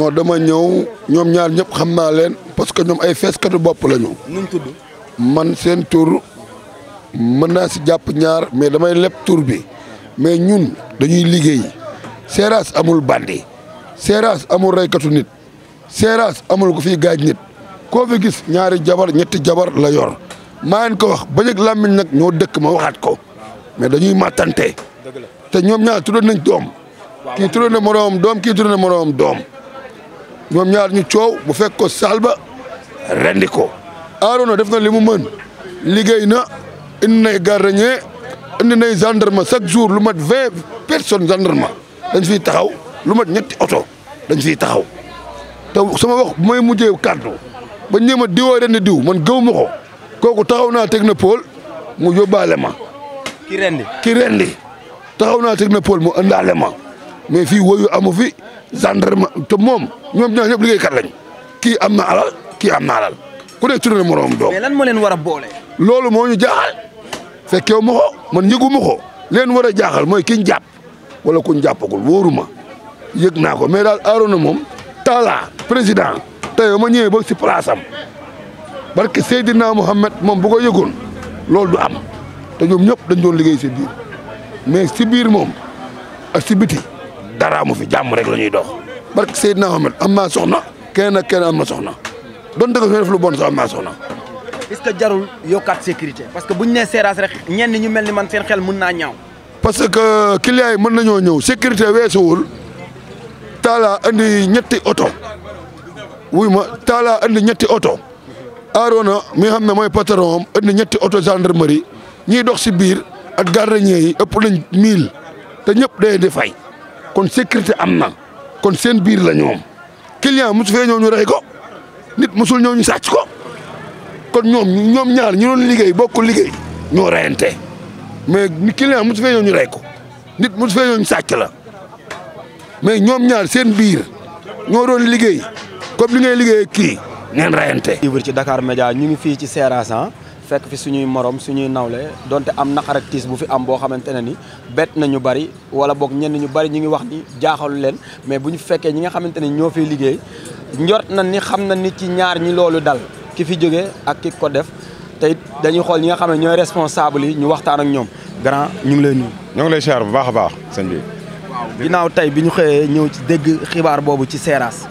non dama ñëw ñoom ñaar ñëpp xam naa leen parce que ñoom ay feeskatu bopp la ñu. nuñ tudd. man seen tur mën naa si jàpp ñaar mais damay leb tur bi mais ñun dañuy liggéey Seras amul bandi Seras amul reykatu nit Seras amul ku fiy gaaj nit koo fi gis ñaari jabar ñetti jabar la yor maa leen ko wax ba njëkk làmmiñ nag ñoo dëkk ma waxaat ko mais dañuy màttante te ñoom ñaar tuddoon nañ doom kii tuddoon na moroomam doom kii tuddoon na moroomam doom ñoom ñaar ñu coow bu fekk ko salba rendi ko Arona def na li mu mën liggéey na indi nay gardien indi nay ma chaque jour lu mat vingt personnes gendarme dañ fiy taxaw lu mat ñetti oto dañ fiy taxaw te sama wax bu may mujjee kàddu ba ñëw a diwoo rendi diw man gëw ma ko kooku taxaw naa technopole mu yóbbaale ma. ki rendi ki rendi taxaw naa technopole mu ëndaale ma mais fii woyu amu fi. gendarme te moom ñoom ñoo ñëpp liggéeykat lañ kii am na alal kii am na alal ku nekk tudd na moroom doom. mais lan moo leen war a boole. loolu moo ñu jaaxal fekkeewu ma ko man yëgu ma ko leen war a jaaxal mooy ki ñu jàpp wala ku ñu jàppagul wóoru ma yëg naa ko mais daal Arouna moom Talla président tey ma ñëwee ba si place am barke Seydina Mohamed moom bu ko yëgoon loolu du am ta ñoom ñëpp dañ doon liggéey si biir mais si biir moom ak si dara mu fi jàmm rek la ñuy dox barke Seydina Ahmed am maa soxna kenn ak kenn am na soxna donte ko fi def lu bon sax am maa soxna. est-ce que jarul yokkaat sécurité parce que bu ñu nee seeraas rek ñenn ñu mel ni man seen xel mun naa ñaaw. parce que clients yi mën nañoo ñëw sécurité weesuwul Talla andi ñetti oto wuy ma Talla andi ñetti oto Arona mi xam ne mooy patron am ñetti oto gendarmerie ñiy dox si biir ak gardien yi ëpp nañ mille te ñëpp day di fay. kon sécurité am na kon seen biir la ñoom client mosu fee ñëw ñu rey ko nit mosul ñëw ñu sàcc ko kon ñoom ñoom ñaar ñu doon liggéey bokkul liggéey ñoo reyante mais client mosu fee ñëw ñu rey ko nit mosu fee ñëw sàcc la mais ñoom ñaar seen biir ñoo doon liggéey comme li ngay liggéey kii ngeen reyante. ci dakaar Média ñu ngi fii ci Seras ah. fekk fi suñuy morom suñuy nawle donte am naqar ak bu fi am boo xamante ne ni bett na ñu bari wala boog ñenn ñu bari ñu ngi wax ni jaaxalu leen mais bu ñu fekkee ñi nga xamante ne ñoo fiy liggéey njort na ni xam na ni ci ñaar ñi loolu dal ki fi jóge ak ki ko def tey dañuy xool ñi nga xam ne ñooy responsable yi ñu waxtaan ak ñoom. grand ñu ngi lay nuyu. ñoo ngi lay siyaar bu baax a baax sëñ bi. waaw ginnaaw tey bi ñu xëyee ñëw ci dégg xibaar boobu ci Seras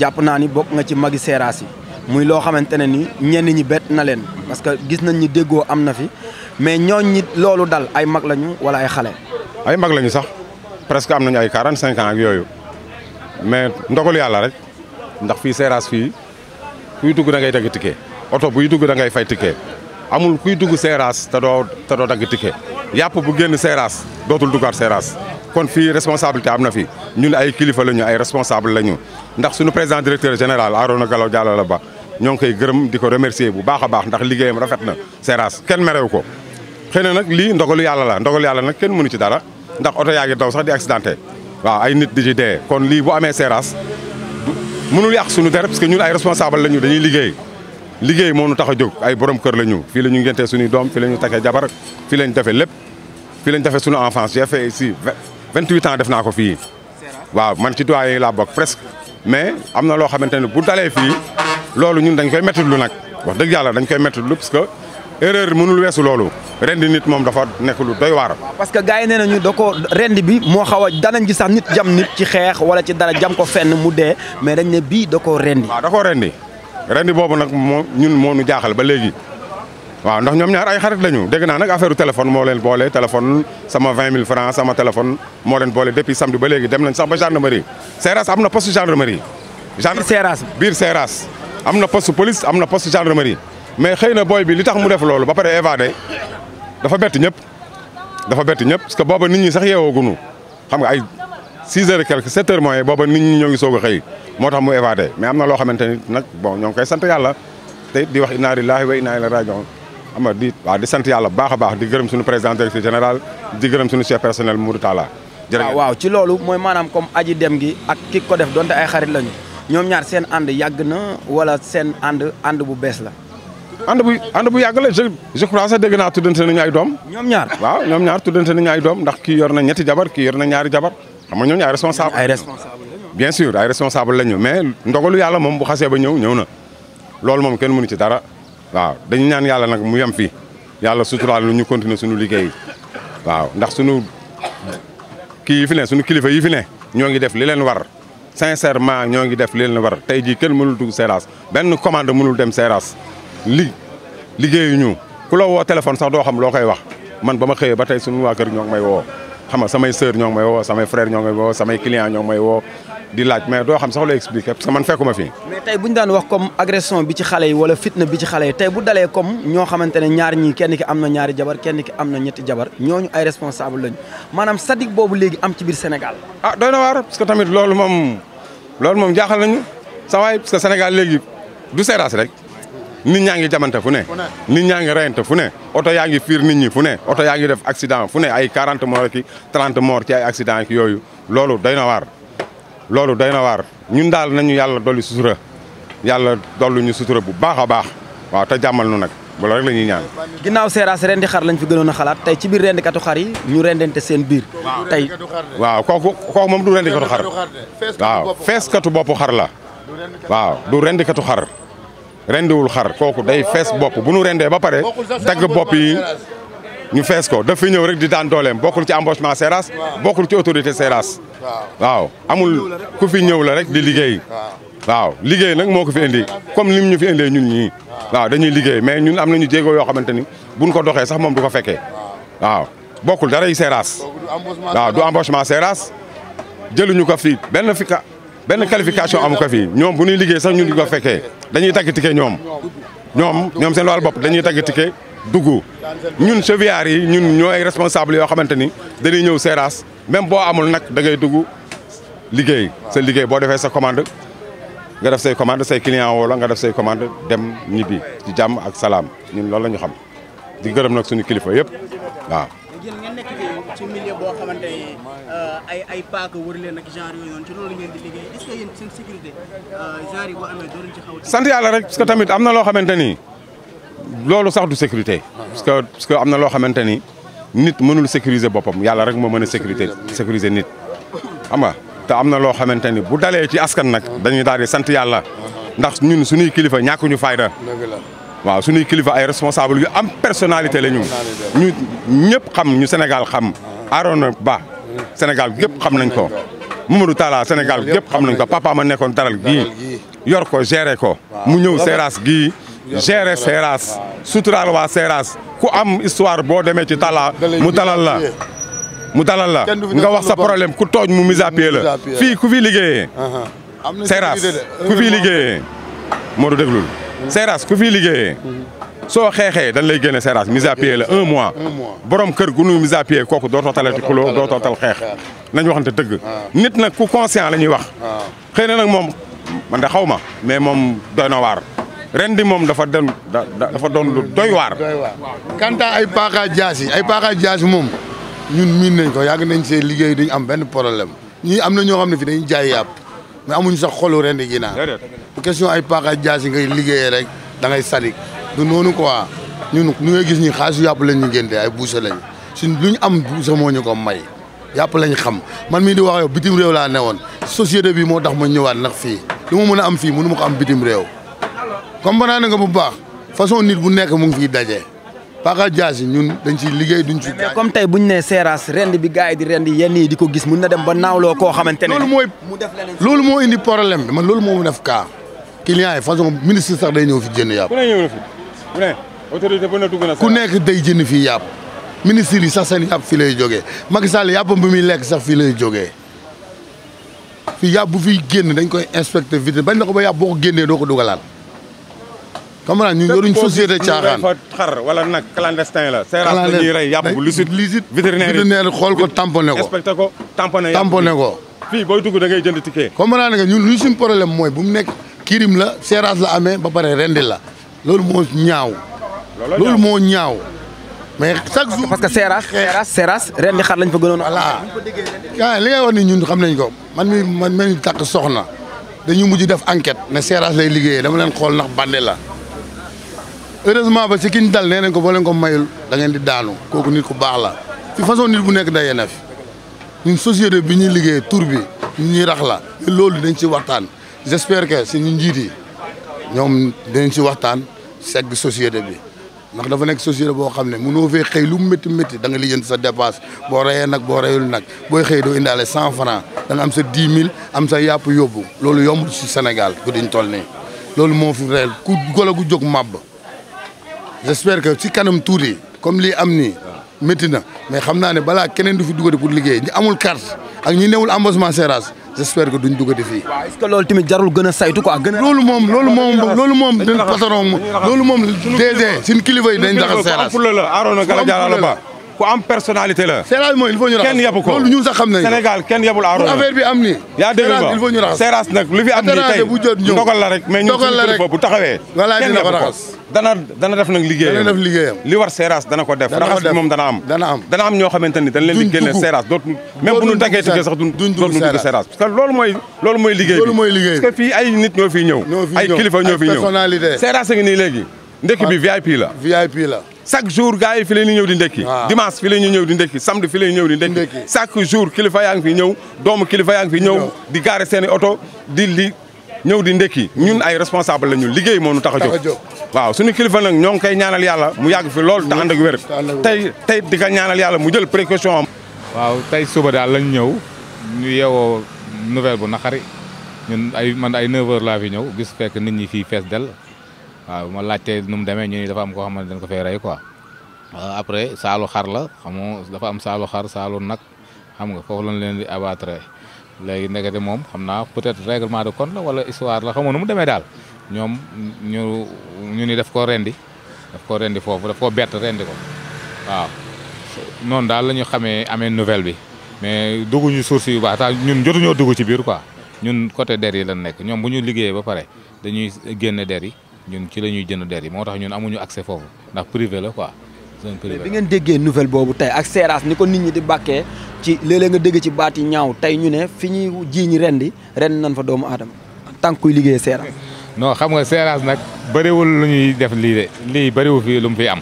jàpp naa ni bokk nga ci magi Seras yi. muy loo xamante ne ni ñenn ñi bet na leen parce que gis nañ ni déggoo am na fi mais ñooñ ñi loolu dal ay mag lañu wala ay xale. ay mag lañu sax presque am nañu ay quarante cinq ans yooyu mais ndogalu yàlla rek ndax fii seeraas fii kuy dugg da ngay dagg oto buy dugg da ngay fay ticket amul kuy dugg seeraas te doo te doo dagg yàpp bu génn seeraas dootul duggaat seeraas. kon fii responsabilité am na fi ñun ay kilifa la ñu ay responsable lañu ndax suñu président directeur général Arona Galaw Diallo la ba ñoo ngi koy gërëm di ko remercier bu baax a baax ndax liggéeyam rafet na Seras kenn merew ko xëy na nag lii ndogalu yàlla la ndogalu yàlla na kenn mënu ci dara ndax oto yaa ngi daw sax di accidenté waaw ay nit di ci dee kon lii bu amee Seras mënul yàq suñu der parce que ñun ay responsable la ñu dañuy liggéey liggéey moo nu tax a ay borom kër la ñu fii la ñu ngentee suñuy doom fii la ñu takkee jabar fii lañ defee lépp fii lañ defee suñu enfance j'ai fait 28 ans def naa ko fii waaw man ci doyen yi laa bokk presque mais am na loo xamante ne bu dalee fii loolu ñun dañ koy métti lu nag wax dëgg yàlla dañ koy métti parce que erreur mënul weesu loolu rendi nit moom dafa nekk lu doy waar. parce que gars yi nee nañu da ko rendi bi moo xaw a danañ gi sax nit jam nit ci xeex wala ci dara jam ko fenn mu dee mais dañ ne bii da koo rendi. waaw da koo rendi rendi boobu nag moo ñun moo nu jaaxal ba léegi. waaw ndax ñoom ñaar ay xarit lañu dégg naa nag affaire téléphone moo leen boole téléphone sama 20 000 francs sama téléphone moo leen boole depuis samedi ba léegi dem nañ sax ba gendarmerie Seras am na poste gendarmerie. biir Seras biir Seras am na poste police am na poste gendarmerie mais xëy na booy bi li tax mu def loolu ba pare évadé dafa bett ñëpp. dafa bett ñëpp parce que booba nit ñi sax yeewooguñu xam nga ay 6 heures et quelque 7 mooy booba nit ñi ñoo ngi soog xëy moo tax mu évadé mais am na loo xamante ni nag bon ñoo ngi koy sant yàlla te di wax inna lillahi wa inna ilayhi raji'un xam nga di waaw di sant yàlla baax a baax di gërëm suñu président directeur général di gërëm suñu chef personnel Mourou Talla jërëjëf waaw ci loolu mooy maanaam comme aji dem gi ak ki ko def donte ay xarit lañu ñoom ñaar seen ànd yàgg na wala seen ànd ànd bu bees la ànd bu ànd bu yàgg la je je crois sax dégg naa tuddante nañu ay doom ñoom ñaar waaw ñoom ñaar tuddante nañu ay doom ndax kii yor na ñetti jabar kii yor na ñaari jabar xam nga ñoom ñaar responsable ay responsable bien sûr ay responsable lañu mais ndogalu yàlla moom bu xasee ba ñëw ñëw na loolu moom kenn mënu ci dara waaw dañu ñaan yàlla nag mu yem fii yàlla suturaal lu ñu continuer suñu liggéey waaw ndax suñu kii yi fi ne suñu kilifa yi fi ne ñoo ngi def li leen war sincèrement ñoo ngi def li leen war tey jii kenn mënul dugg Seras benn commande mënul dem Seras li liggéeyuñu ku la woo téléphone sax doo xam loo koy wax man ba ma xëyee ba tey suñu waa kër ñoo ngi may woo xam nga samay sœur ñoo ngi may woo samay frère ñoo ngi may woo samay client ñoo ngi may woo di laaj mais doo xam sax looy expliquer parce que man fekkuma fi. mais tey bu ñu daan wax comme agression bi ci xale yi wala fitna bi ci xale yi tey bu dalee comme ñoo xamante ne ñaar ñi kenn ki am na ñaari jabar kenn ki am na ñetti jabar ñooñu ay responsable lañu maanaam sadik boobu léegi am ci biir Sénégal. ah doy na waar parce que tamit loolu moom loolu moom jaaxal nañu sa waay parce que Sénégal léegi du seeraas rek nit ñaa ngi jamante fu ne. nit ñaa ngi reyante fu ne. oto yaa ngi fiir nit ñi fu ne oto yaa ngi def accident fu ne ay 40 morts ki 30 ci ay accident yooyu loolu doy na waar loolu day na waar ñun daal nañu yàlla dolli sutura yàlla dollu ñu sutura bu baax a baax waaw te jàmmal nu nag loolu rek la ñuy ñaan. ginnaaw seeraas rendi xar lañ fi gënoon a xalaat tey ci biir katu xar yi ñu rendente seen biir. tey waaw kooku kooku moom du rendikatu xar. waaw feeskatu boppu xar la. waaw du rendikatu xar. rendiwul xar kooku day fees bopp bu nu rendee ba pare dagg bopp yi. ñu fees ko daf ñëw rek di daan dooleem bokkul ci embauchement Seras bokkul ci autorité Seras waaw amul ku fi ñëw la rek di liggéey waaw liggéey nag moo ko fi indi comme lim ñu fi indee ñun ñii waaw dañuy liggéey mais ñun am nañu jéego yoo xamante ni buñ ko doxee sax moom du ko fekkee waaw bokkul dara yi Seras waaw du embauchement jëlu ñu ko fii benn fi benn qualification am ko fii ñoom bu ñuy liggéey sax ñun du ko fekkee dañuy tagg tike ñoom ñoom ñoom seen bopp dañuy tagg dugg ñun chevillards yi ñun ñoo ay responsable yoo xamante ni dañuy ñëw seeraas même boo amul nag da ngay dugg liggéey sa liggéey boo defee sa commande nga def say commande say client wala nga def say commande dem ñibbi ci jàmm ak salaam ñun loolu la ñu xam di gërëm nag suñu kilifa yëpp waaw yéen euh, euh, sant yàlla rek parce tamit am na loo xamante ni loolu sax du sécurité. parce que parce que am na loo xamante ni nit mënul sécuriser boppam yàlla rek moo mën a sécurité sécuriser nit. xam nga te am na loo xamante ni bu dalee ci askan nag dañuy daal di sant yàlla ndax ñun suñuy kilifa ñàkkuñu fayda. waaw suñuy kilifa ay responsable yu am personnalité la ñu ñu ñëpp xam ñu Sénégal xam Arona Ba Sénégal gépp xam nañ ko Mamadou Talla Sénégal gépp xam nañ ko papa ma nekkoon daral gii yor ko gérer ko mu ñëw seeraas gii gérer Seras suturaal waa Seras ku am histoire boo demee ci Talla mu dalal la mu dalal la nga wax sa problème ku tooñ mu mise à pied la fii ku fi liggéeyee Seras ku fi liggéeye moo du déglul Seras ku fi liggéeyee soo xeexee dañ lay génne Seras mise à la un mois borom kër gu nu mise à pied kooku dootoo talati kuloo dootoo tal xeex nañ waxante dëgg ah. nit nag ku conscient la ñuy wax ah. xëy na nag moom man de xaw ma mais moom doy na waar ren di moom dafa doon dafa doon lu doy waar. doy waar kanta ay paaka jaas yi ay paaka jaas moom ñun miin nañ ko yàgg nañ see liggéey duñ am benn problème ñii am na ñoo xam ne fi dañuy jaay yàpp mais amuñ sax xolu ren di ginaar. question ay paaka jaas yi ngay liggéeyee rek da ngay sadik du noonu quoi ñun ñu ngay gis ñi xaalisu yàpp lañ ñu génte ay buusa lañ suñ luñ am buusa moo ñu ko may yàpp lañ xam man mii di wax yow bitim réew laa ne woon société bi moo tax ma ñëwaat ndax fii lu mu mën a am fii mënu ma ko am bitim réew comprendre nga bu baax façon nit bu nekk mu ngi fiy daje. Paka a yi ñun dañ ciy liggéey duñ ci. mais comme tey bu ñu nee Seras rend bi gars yi di rend yenn yi di ko gis mun na dem ba naawloo koo xamante ne. loolu mooy loolu moo indi problème bi man loolu moo mu def cas. clients yi façon ministre sax day ñëw fi jënd yàpp. ku ne ñëw na fi ku nekk day jënd fii yàpp. ministre yi sax seen yàpp fii lay jógee Macky Sall yàppam bi muy lekk sax fii lay joge fii yàpp bu fiy génn dañ koy inspecté vite bañ na ko ba yàpp boo ko génnee doo ko dugalaat. comprendre ñun yoruñ société caaxaan fa xar wala nag clandestin la seeraas la ñuy ngay jënd ticket comprendre nga ñun luñ suñ problème mooy bu mu nekk kirim la seeraas la amee ba pare rendi la loolu moo ñaaw loolu moo ñaaw mais chaque jour parce que seeraas seeraas seeraas rendi xar lañ fa gënoon voilà a li ngay wax ni ñun xam nañ ko man mi man mi takk soxna dañu mujj def enquête ne seeraas lay liggéeyee dama leen xool nax bande la heureusement ba si ki ñu nañ ko boo leen ko mayul da ngeen di daanu kooku nit ku baax la fi façon nit bu nekk daje na fi ñun bi ñuy liggéey tur bi ñuy rax la loolu dañ ci waxtaan j'espère que si ñu njiit ñoom dañ ci waxtaan segg société bi ndax dafa nekk société boo xam ne mënoo fee xëy lu métti métti da nga lijjanti sa dépasse boo reyee nag boo reyul nag booy xëy doo indaale cent franc da nga am sa dix mille am sa yàpp yóbbu loolu yombul si Sénégal ku diñ toll loolu moo fi réel ku golo gu jóg màbb j'espère que si kanam tuuti comme lii am nii métti na mais xam naa ne balaa keneen du fi duggati pour liggéey ñi amul carte ak ñi newul embossement Seras j'espère que duñ duggati fii. waaw que loolu tamit jarul gën a saytu quoi. gën a loolu moom loolu moom loolu moom. dañuy patron loolu moom DG. suñu kilifa yi dañ daxal Seras. ku am personnalité la. Seras mooy il faut ñu raxas kenn yabu ko loolu ñun sax xam nañu Sénégal kenn yabul aaróo la affaire bi am nii. yaa dégg nga il faut ñu raxas Seras nag lu fi am nii tey ndogal la rek mais ñun suñu kilifa bu taxawee. walaay dina ko raxas dana dana def nag liggéeyam dana def liggéeyam. li war Seras dana ko def. dana ko def raxas bi moom dana am. dana am dana am ñoo xamante ni dañ leen di génne Seras dootuñu. même bu ñu daggee ticket sax duñ dootuñu dugg Seras parce que loolu mooy. loolu mooy liggéey bi loolu mooy liggéey bi parce que fii ay nit ñoo fiy ñëw. ay kilifa ñoo fiy ñëw Seras a ngi nii léegi ndekki bi VIP la VIP la chaque jour gars yi fi ñëw di ndekki dimanche fi la ñëw di ndekki samedi fi la ñuy ñëw di ndekki chaque jour kilifa yaa ngi fi ñëw doomu kilifa yaa ngi fi ñëw di gaare seen i oto di li ñëw di ndekki ñun ay responsable la ñu liggéey moom nu tax a jóg waaw suñu kilifa nag ñoo ngi koy ñaanal yàlla mu yàgg fi lool te ànd ak wér tey tey di ka ñaanal yàlla mu jël précaution waaw tey suba daal lañ ñëw ñu yeewoo nouvelle bu naqari ñun man ay 9 heures laa fi ñëw gis nit ñi fii fees del waaw bu ma laajtee nu mu demee ñu ni dafa am ko xam ne dañ ko fay rey quoi euh, après saalu xar la xam dafa am saalu xar saalu nag xam nga foofu lañ leen di abattre léegi ndekete moom xam naa peut-être règlement de compte la wala histoire la xam nu mu demee daal ñoom ñu ñu ni daf ko rendi daf ko rendi foofu daf ko bett rendi ko waaw noonu daal la ñu xamee amee nouvelle bi mais dugguñu source yu baax tax ñun jotuñoo dugg ci biir quoi ñun côté der yi lañ nekk ñoom bu ñu liggéeyee ba pare dañuy génne der yi ñun ci la ñuy jënd der yi moo tax ñun amuñu accès foofu ndax privé la ko zone bi ngeen déggee nouvelle boobu tey ak seeraas ni ko nit ñi di bàkkee ci léeg nga dégg ci baat yi ñaaw tey ñu ne fi ñu jii ñi ren di ren nañ fa doomu aadama en tant que kuy liggéeyee seeraas. non xam nga seeraas nag bëriwul lu ñuy def lii de lii bëriwul fii lu mu fi am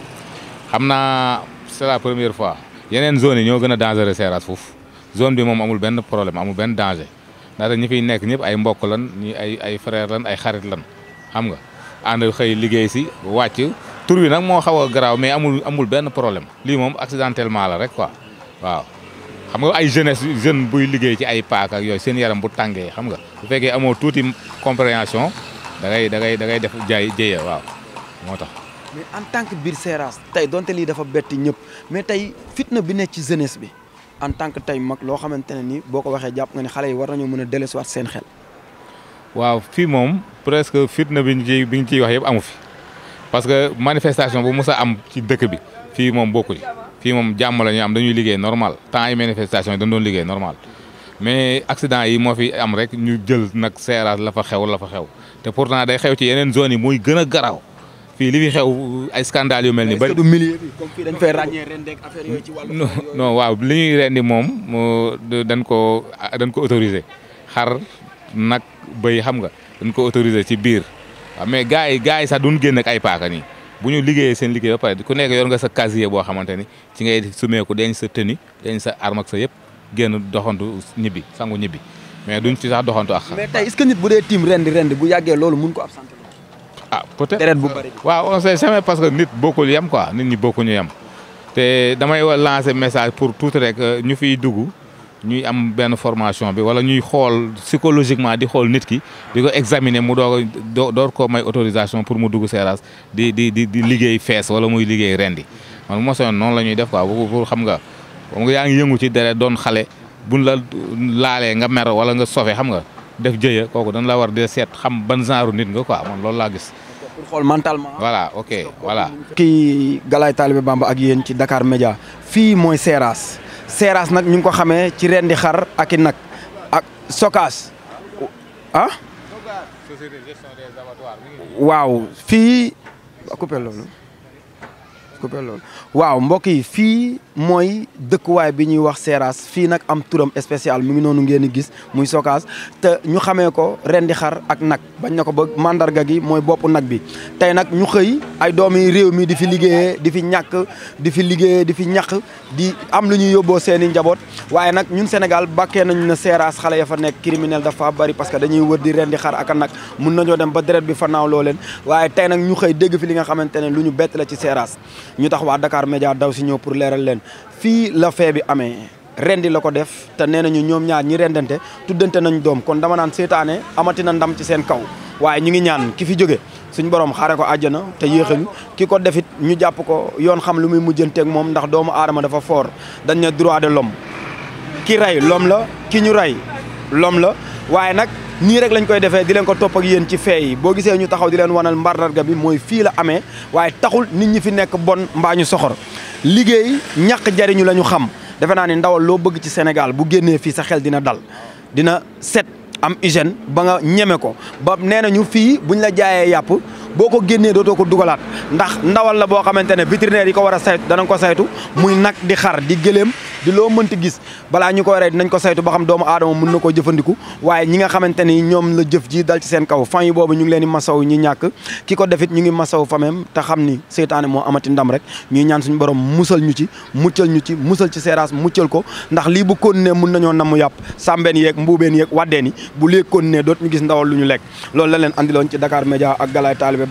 xam naa c'est la première fois yeneen zone yi ñoo gën a dangereux seeraas foofu zone bi moom amul benn problème amul benn danger ndaxte ñi fiy nekk ñëpp ay mbokk lan ñi ay ay frère lan ay xarit lan xam nga ànd xëy liggéey si wàcc tur wi nag moo xaw a garaaw mais amul amul benn problème lii moom accidentellement la rek quoi waaw. xam nga ay jeunesse jeune buy liggéey ci ay paak yooyu seen yaram bu tàngee xam nga bu fekkee amoo tuuti compréhension da ngay da ngay def jaay jéye waaw moo tax. mais en tant Biir Seras tey donte lii dafa betti ñëpp mais tey fitna bi nekk ci jeunesse bi en tant que tey mag loo xamante ne ni boo ko waxee jàpp nga ne xale yi war nañoo mën a dellusiwaat seen xel. waaw fii moom presque fitna bi ñu ciy bi ñu ciy wax yëpp amu fi parce que manifestation bu mës a am ci dëkk bi fii moom bokku ci fii moom jàmm la ñu am dañuy liggéey normal temps yi manifestation yi liggéey normal mais accident yi moo fi am rek ñu jël nag seeraas la fa xew la fa xew te pour pourtant day xew ci yeneen zones yi muy gën a garaaw fii li fi xew ay scandale yu mel ni bari du milieu bi comme dañ fay ràññee ren ak affaire waaw li ñuy rendi moom dañ ko dañ ko autorisé xar nag béy xam nga dañ ko autorisé ci biir waaw mais gars yi gars yi sax duñ génn ay paaka nii bu ñu liggéeyee seen liggéey ba pare ku nekk yor nga sa casier boo xamante ni ci ngay sumeeku denc sa tenue denc sa arme ak sa yëpp génn doxantu ñibbi sangu ñibbi mais duñ ci sax doxantu ak. mais tey est-ce que nit bu dee tiim rendi rendi bu yàggee loolu mun ko absenté. ah peut-être deret bu waaw on sait jamais parce que nit bokkul yem quoi nit ñi bokkuñu yem te damay lancer message pour tuuti rek euh, ñu fiy dugg. ñuy am benn formation bi wala ñuy xool psychologiquement di xool nit ki di ko examiner mu doog a door ko may autorisation pour mu dugg seeraas di di di di liggéey fees wala muy liggéey rendi man mo soon noonu la ñuy def quoi pour xam nga xam yaa ngi yëngu ci deret doon xale buñ la laalee nga mer wala nga sofe xam nga def jëya kooku dañ la war di seet xam ban genre nit nga ko man loolu laa gis. pour xool mentalement. voilà ok voilà. kii Galaye Talibé Bamba ak yéen ci Dakar Média fii mooy seeraas. seeraas nag ñu ngi ko xamee ci di xar aki i nag ak sokaas ah waaw fii coupé loolu coupé loolu waaw mbokk yi fii mooy dëkkuwaay bi ñuy wax Seras fii nag am turam spécial mu ngi noonu ngeen di gis muy Sokaas te ñu xamee ko ren di xar ak nag bañ na ko ba màndarga gi mooy bopp nag bi tey nag ñu xëy ay doomi réew mi di fi liggéeyee di fi ñàkk di fi liggéeyee di fi ñàkk di am lu ñuy yóbboo seen i njaboot nag ñun Sénégal bàkkee nañu ne Seras xale ya fa nekk criminel dafa bari parce que dañuy wër di ren di xar ak nag mun nañoo ba deret bi fa naaw leen waaye tey nag ñu xëy dégg fi li nga xamante ne lu ñu bett la ci Seras ñu tax waa Dakar Média daw si ñëw pour leeral leen fii la fee bi amee rendi la ko def te nee nañu ñoom ñaar ñi rendante tuddante nañ doom kon dama naan seetaane amati na ndam ci seen kaw waaye ñu ngi ñaan ki fi jóge suñ borom xaare ko àjjana te yéexañu ki ko defit ñu jàpp ko yoon xam lu muy mujjanteeg moom ndax doomu aadama dafa foor dañ ne droit de l'homme ki rey l'homme la ki ñu rey l'homme la waaye nag nii rek lañ koy defee di leen ko topp ak yéen ci feey yi boo gisee ñu taxaw di leen wanal mbardarga bi mooy fii la amee waaye taxul nit ñi fi nekk bon mbaa ñu soxor liggéey ñaq jariñu la ñu xam defe naa ni ndawal loo bëgg ci Sénégal bu génnee fii sa xel dina dal dina set am hygiène ba nga ñeme ko ba nee nañu fii buñ la jaayee yàpp boo ko génnee dootoo ko dugalaat ndax ndawal la boo xamante ne vétérinaire yi ko war a saytu danañ ko saytu muy nag di xar di gëléem di loo mënti gis balaa ñu koy rey dinañ ko saytu ba xam doomu aadama mun na koo jëfandiku waaye ñi nga xamante ni ñoom la jëf ji dal ci seen kaw fan yi boobu ñu ngi leen di masaw ñi ñàkk ki ko defit ñu ngi masaw famem te xam ni seytaane moo amati ndam rek ñuy ñaan suñu borom musal ñu ci muccal ñu ci musal ci seeraas muccal ko ndax lii bu continuer mën nañoo namu yàpp sàmbeen yeek mbuubeen yeeg waddeen ni bu lii ne doot ñu gis ndawal lu ñu lekk loolu la leen andiloon ci Dakar Média ak Galaye Talibé